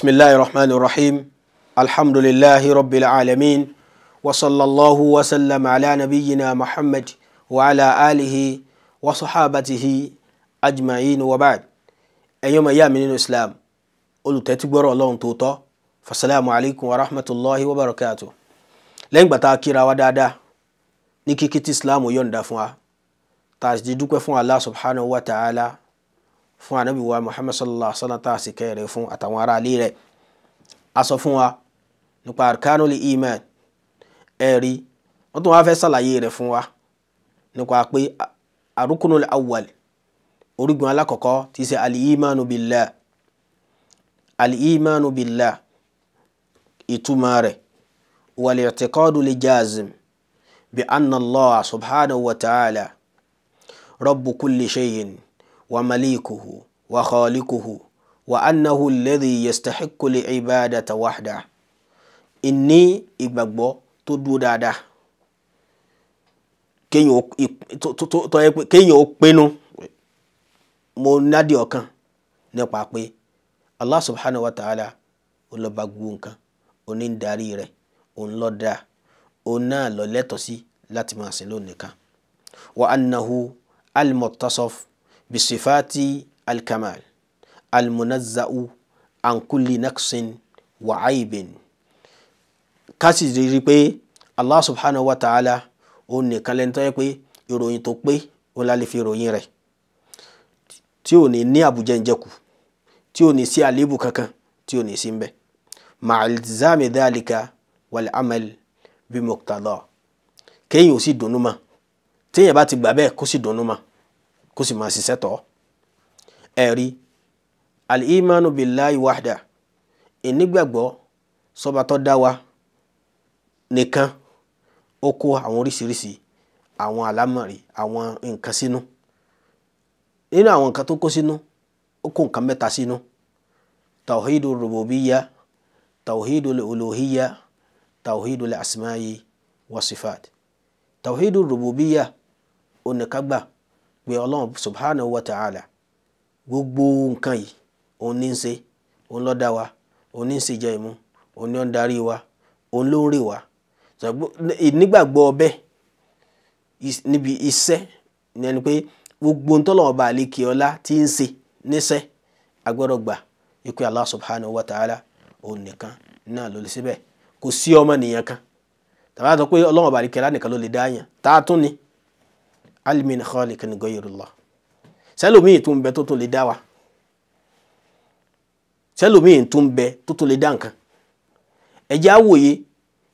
بسم الله الرحمن الرحيم الحمد لله رب العالمين وصلى الله وسلم على نبينا محمد وعلى آله وصحابته أجمعين وبعد أيام أيام من الإسلام قلت تتبر الله توتا فالسلام عليكم ورحمة الله وبركاته لين بتاكيرا ودادا نيكي كتي سلام يوندا فوا تاج دي فوا الله سبحانه وتعالى fún anabi wa muhammad sallallahu alaihi wa sallam tá a sì kẹ́rẹ̀ fún àtàwọn ará ilé rẹ̀ a sọ fún wa nípa arkanul iman ẹ̀rí wọ́n tún wá fẹ́ ṣàlàyé rẹ̀ fún wa nípa pé arukunul awwal orígun alákọ̀ọ́kọ́ ti ṣe al-imanu billah al-imanu billah ìtumọ̀ rẹ̀ wal-i'tiqadu l-jazim bi anna allah subhanahu wa ta'ala rabbu kulli shay'in. ومليكه وخالقه وأنه الذي يستحق العبادة وحده ìní ìgbàgbọ́ tó dúró dáadáa kéèyàn ó pinnu mo nádìí ọkàn nípa pé Allah subhanahu wa ta'ala òun lọ́ọ́ nǹkan òun darí rẹ̀ òun lọ́ọ́ dáa òun náà lọ́ọ́ lẹ́tọ̀ọ́ sí láti máa sìn lónìí kan wa annahu al-muttasof bisifati alkamal almunazza'u an kulli naqsin wa aibin kásì rírí pé allah subhanahu wa ta'ala ó nìkan lẹ́ni tó yẹ pé ìròyìn tó pé ó lálẹ́ fi ìròyìn rẹ̀ tí ò ní ní àbújá ìjẹkù tí ò ní sí àléébù kankan tí ò ní sí mbẹ ma'alizami dhalika wal amal bi muqtada kéèyàn ò sì dùnnú mọ́ téèyàn bá ti gbà bẹ́ẹ̀ kó sì dùnnú mọ́ kó sì máa ṣiṣẹ́ tọ́ ẹ̀rí al-imanu billahi wahda ìnígbàgbọ́ sọba tó dá wa nìkan ó kó àwọn oríṣiríṣi àwọn àlámọ̀rí àwọn nǹkan sínú nínú àwọn nǹkan tó kó sínú ó kó nǹkan mẹ́ta sínú tawhidu rububiya tawhidu uluhiya tawhidu asmayi wasifat tawhidu rububiya oníkagbà pé ọlọ́run subhanahu wa ta'ala gbogbo nǹkan yìí òun ní ṣe òun dá wa òun ní wa òun wa nígbàgbọ́ ọbẹ̀ níbi iṣẹ́ gbogbo ọba ọlá tí ń ṣe níṣẹ́ agbọ́dọ̀ gbà ikú Allah subhanahu wa ta'ala òun nìkan náà ló lè síbẹ̀ ọba ọlá nìkan ló alimin khaliqin ghayrillah sẹlómi tó ń bẹ tó tún lè dá wa sẹlómi tó ń bẹ tó tún lè dá nǹkan ẹjẹ àwòye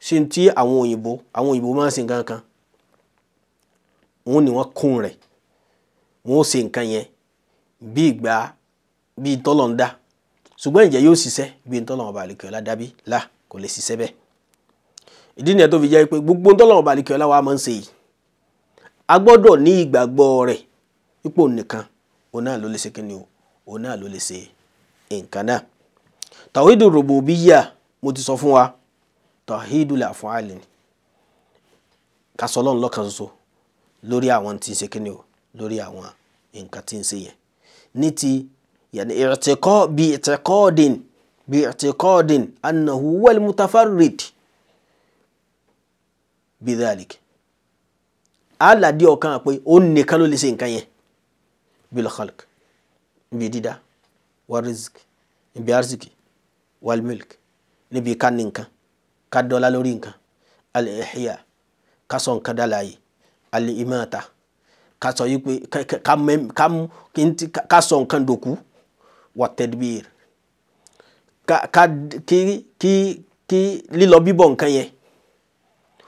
ṣe ti àwọn òyìnbó àwọn òyìnbó máa ń ṣe nǹkan kan wọn ni wọn kún rẹ wọn ó ṣe nǹkan yẹn bí ìgbà bí tọ́lọ̀ ń dá ṣùgbọ́n ìjẹ́ yóò ṣiṣẹ́ bí tọ́lọ̀ ọba kò lè ṣiṣẹ́ bẹ́ẹ̀ ìdí nìyẹn tó fi jẹ́ pé gbogbo tọ́lọ̀ ọba wa máa ń yìí a gbọ́dọ̀ ní ìgbàgbọ́ rẹ̀ ipò nìkan òun náà ló lè ṣe kíni o òun náà ló lè ṣe nǹkan náà tàwídù rògbòbíyà mo ti sọ fún wa tàwídù làfọ́àlì ni ká sọ Ọlọ́run lọ́kan ṣoṣo lórí àwọn tí ń ṣe kíni o lórí àwọn nǹkan tí ń ṣe yẹn ní ti yàní ìrìtìkọ́ bí ìtìkọ́ọ̀dìn bí ìtìkọ́ọ̀dìn annahu wal mutafarrid aládé ọkàn pé ó nìkan ló lè ṣe nǹkan yẹn bil khalq níbi dídá wà rizik níbi arziki wal milk níbi ká ní nǹkan ká dọ́là lórí nǹkan al ihya ká sọ nǹkan dá láàyè al imata ká sọ yí pé ká sọ nǹkan dòkú wà tadbir ká kí kí kí lílọ bíbọ̀ nǹkan yẹn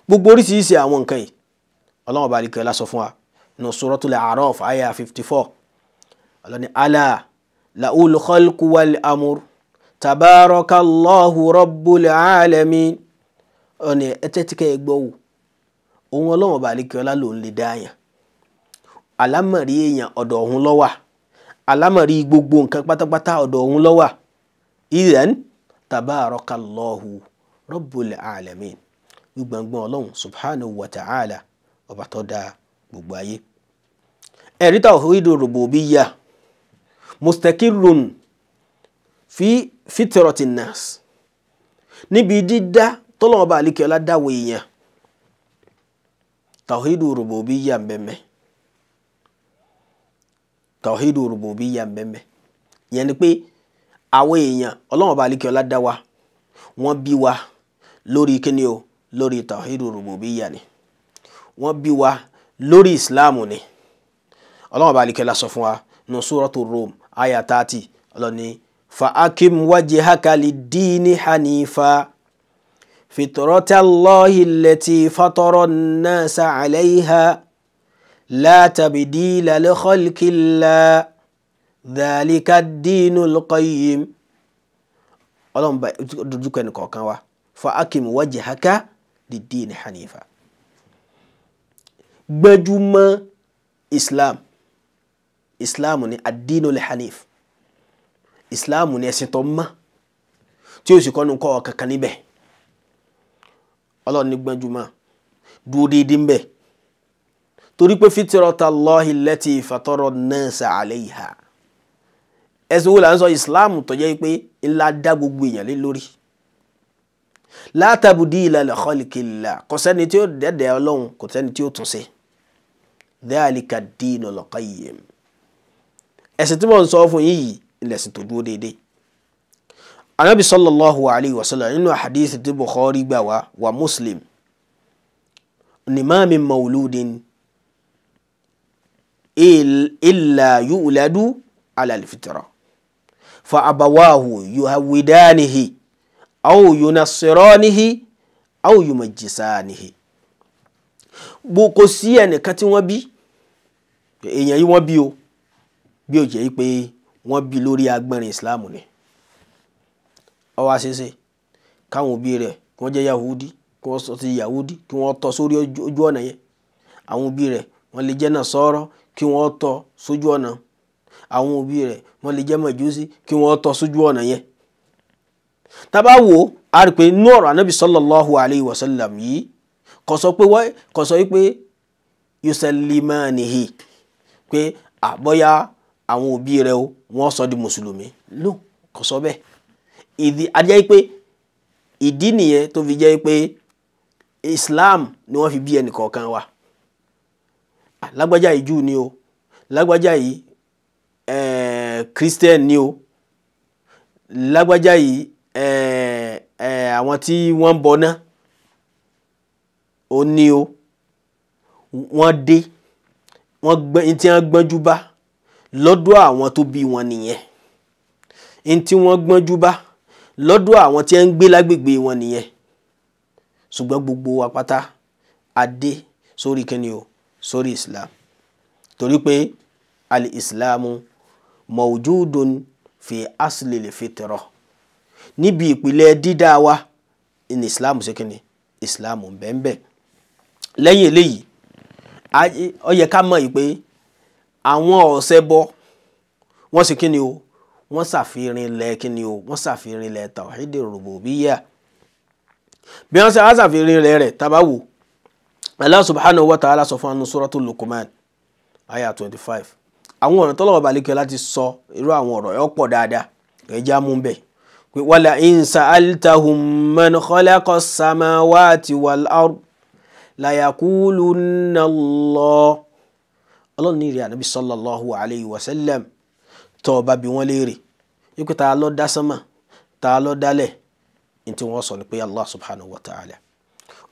gbogbo oríṣiríṣi àwọn nǹkan yìí ọlọ́run bá alikẹ́ lásọ fún wa nù suratul A'raf àyà fifty four ọlọ́ni alá la'ul khalqu wal amur tabarakallahu rabbul alamin ọ̀nì ẹtẹ́tìkẹ́ ẹgbọ́wò òun ọlọ́run bá alikẹ́ ọlá lòun lè dáàyàn alámọ̀rí èèyàn ọ̀dọ̀ ọ̀hún lọ́wà alámọ̀rí gbogbo nǹkan pátápátá ọ̀dọ̀ ọ̀hún lọ́wà ìrẹ́n tabarakallahu rabbul alamin gbogbo ọlọ́run subhanahu wa ta'ala ọba tó dá gbogbo ayé ẹ̀rí tawhidu rububiyya mustaqirrun fi fitratin nas níbi dídá tọ́lọ́mọba àlekèọ́lá dáwọ̀ èèyàn tawhidu rububiyya ń bẹ̀mẹ̀ tawhidu rububiyya ń bẹ̀mẹ̀ ìyẹn ni pé àwọn èèyàn ọlọ́mọba àlekèọ́lá dá wa wọ́n bí wa lórí kíni o lórí tawhidu rububiyya ni wọ́n bí wa lórí islam ni ọlọ́run bá alikẹ́lá sọ fún wa nù suratu rum aya thirty ọlọ́ni fa akim wajhaka lid-dini hanifa fitratallahi allati fatara an-nasa alayha la tabdila li khalqillah dhalika ad-dinul ọlọ́run bá dojúkọ ẹnì kọ̀ọ̀kan wa fa akim wajhaka lid-dini hanifa gbẹ́júmọ́ islam islam ni adínú lè hanif islam ni ẹ̀sìn tó mọ́ tí o sì kọ́ nu kọ́ ọ kankan níbẹ̀ ọlọ́run ní gbẹ́júmọ́ dúró déédéé ńbẹ̀ torí pé fitirata Allahi lẹ́tì fatara nasa alayha ẹ̀sìn wo là ń sọ islam tó jẹ́ pé ńlá dá gbogbo èèyàn lé lórí látàbùdí ìlànà kọ́lìkìlà kò sẹ́ni tí ó dẹ́dẹ́ ọlọ́run kò sẹ́ni tí ó tún ṣe dhalika dinul qayyim ẹ̀sìn tí mo ń sọ fún yín yìí ìlẹ̀sìn tó dúró déédéé anabi sallallahu alayhi wa sallam nínú hadith tí bukhari gbà wá wa muslim nimaami mawludin illa yu'ladu ala alfitra fa abawahu yuhawidanihi aw yunassiranihi aw yumajjisanihi kò sí ẹnìkan tí wọ́n bí èèyàn yìí wọ́n bí o bí ó jẹ́ pé wọ́n bí lórí agbẹ́rin islam ni ó wá ṣeéṣe káwọn òbí rẹ̀ kí wọ́n jẹ́ yahudi kí wọ́n sọ ti yahudi kí wọ́n tọ́ sórí ojú ọ̀nà yẹn àwọn òbí rẹ̀ wọ́n lè jẹ́ náà sọ́ọ́rọ́ kí wọ́n tọ́ sójú ọ̀nà àwọn òbí rẹ̀ wọ́n lè jẹ́ màjúsí kí wọ́n tọ́ sójú ọ̀nà yẹn tá wò á rí i pé nọ́ọ̀rọ̀ anábì sallallahu alayhi wa sallam yìí kò sọ pé wọ́n kò sọ pé hi pé àbọ̀yá àwọn òbí rẹ o wọ́n sọ di mùsùlùmí lò kò sọ bẹ́ẹ̀ ìdí adìyẹ pé ìdí nìyẹn tó fi jẹ́ pé Islam ni wọ́n fi bí ẹnì kọ̀ọ̀kan wa lágbájá yìí Júù ni o lágbájá yìí ẹ̀ẹ́ eh, Christian ni o lágbájá yìí ẹ̀ẹ́ eh, ẹ̀ẹ́ eh, àwọn tí wọ́n ń bọ náà ó ní o wọ́n dé wọ́n gbẹ́ ní tí wọ́n gbọ́njú bá lọ́dọ̀ àwọn tó bí wọn nìyẹn ní tí wọ́n gbọ́njú bá lọ́dọ̀ àwọn tí wọ́n ń gbé lágbègbè wọn nìyẹn ṣùgbọ́n gbogbo wa pátá a sórí kíni o sórí islam torí pé al-islamu mawjudun fi aslil fitra níbi ìpìlẹ̀ dídá wa ní islam ṣe kíni islam bẹ́ẹ̀ bẹ́ẹ̀ lẹ́yìn eléyìí ó yẹ ká mọ̀ yìí pé àwọn ọ̀sẹ̀ bọ wọ́n sì kíni o wọ́n ṣàfihàn ilẹ̀ kíni o wọ́n ṣàfihàn ilẹ̀ tàwáhídì rògbòbíyà bí wọ́n ṣe á ṣàfihàn ilẹ̀ rẹ̀ tábà wò Allah subhanahu wa ta'ala sọ fún anusuratul Luqman aya twenty five àwọn ọ̀rọ̀ tọ́lọ́wọ́ balẹ̀kẹ́ láti sọ irú àwọn ọ̀rọ̀ ẹ̀ pọ̀ dáadáa ẹ̀já mú bẹ́ẹ̀ pé wala in sa'altahum man khalaqa layakulunna Allah ọlọ́run ní ìrìn ànábì sallallahu alayhi wa sallam tó bá bi wọ́n léèrè wípé ta ló dá sánmà ta ló dálẹ̀ ní tí wọ́n sọ ni pé Allah subhanahu wa ta'ala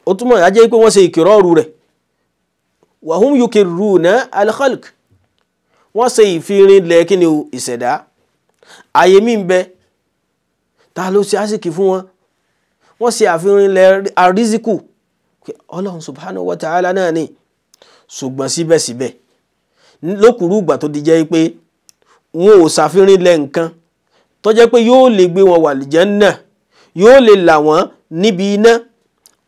ó túmọ̀ ajẹ́ pé wọ́n ṣe ìkìrọ́ọ̀rù rẹ̀ wàhùn yukirruna al-khalq wọ́n ṣe ìfirin lẹ́ẹ̀kínni ìṣẹ̀dá àyè mí bẹ ta ló ṣe àsìkí fún wọn wọ́n ṣe àfihàn ilẹ̀ àrísíkù ọlọ́run subhanahu wa ta'ala náà ni ṣùgbọ́n síbẹ̀síbẹ̀ lókùrú ìgbà tó di jẹ́ pé wọn ò ṣàfihàn lẹ nǹkan tó jẹ́ pé yóò lè gbé wọn wà lìjẹ́nnà yóò lè là wọ́n níbi iná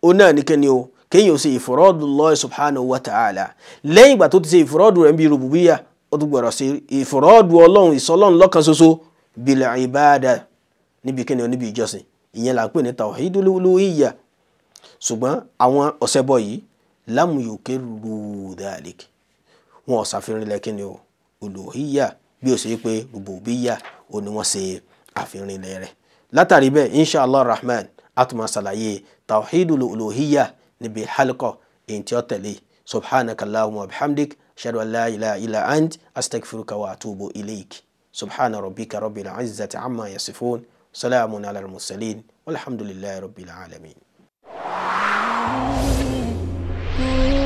òun náà nìkan ni o kéèyàn ṣe ìfọ̀rọ̀dù Allah subhanahu wa ta'ala lẹ́yìn ìgbà tó ti ṣe ìfọ̀rọ̀dù rẹ̀ ń bi rububiyya ó tún gbọ́dọ̀ ṣe ìfọ̀rọ̀dù ọlọ́run ìsọlọ́run lọ́kan ṣoṣo bil ibada níbi kíni o níbi ìjọsìn ìyẹn là ń pè ní tawhidul uluhiyya ṣùgbọ́n àwọn ọ̀sẹ̀bọ yìí lámùyòkè rúdàlík wọn ọ̀sàfihàn lẹ́kìn ni o olùhíyà bí o ṣe pé rúbùbíyà o ni wọ́n ṣe àfihàn rẹ̀ látàrí bẹ́ẹ̀ insha allah rahman atuma ṣàlàyé tawhidul olùhíyà níbi halqa èyí tí ó tẹ̀lé subhanakallahumma wa bihamdik ashhadu an la ilaha illa ant astaghfiruka wa atubu ilayk subhana rabbika rabbil izzati amma yasifun salamun ala al-mursalin rabbil alamin. Oh,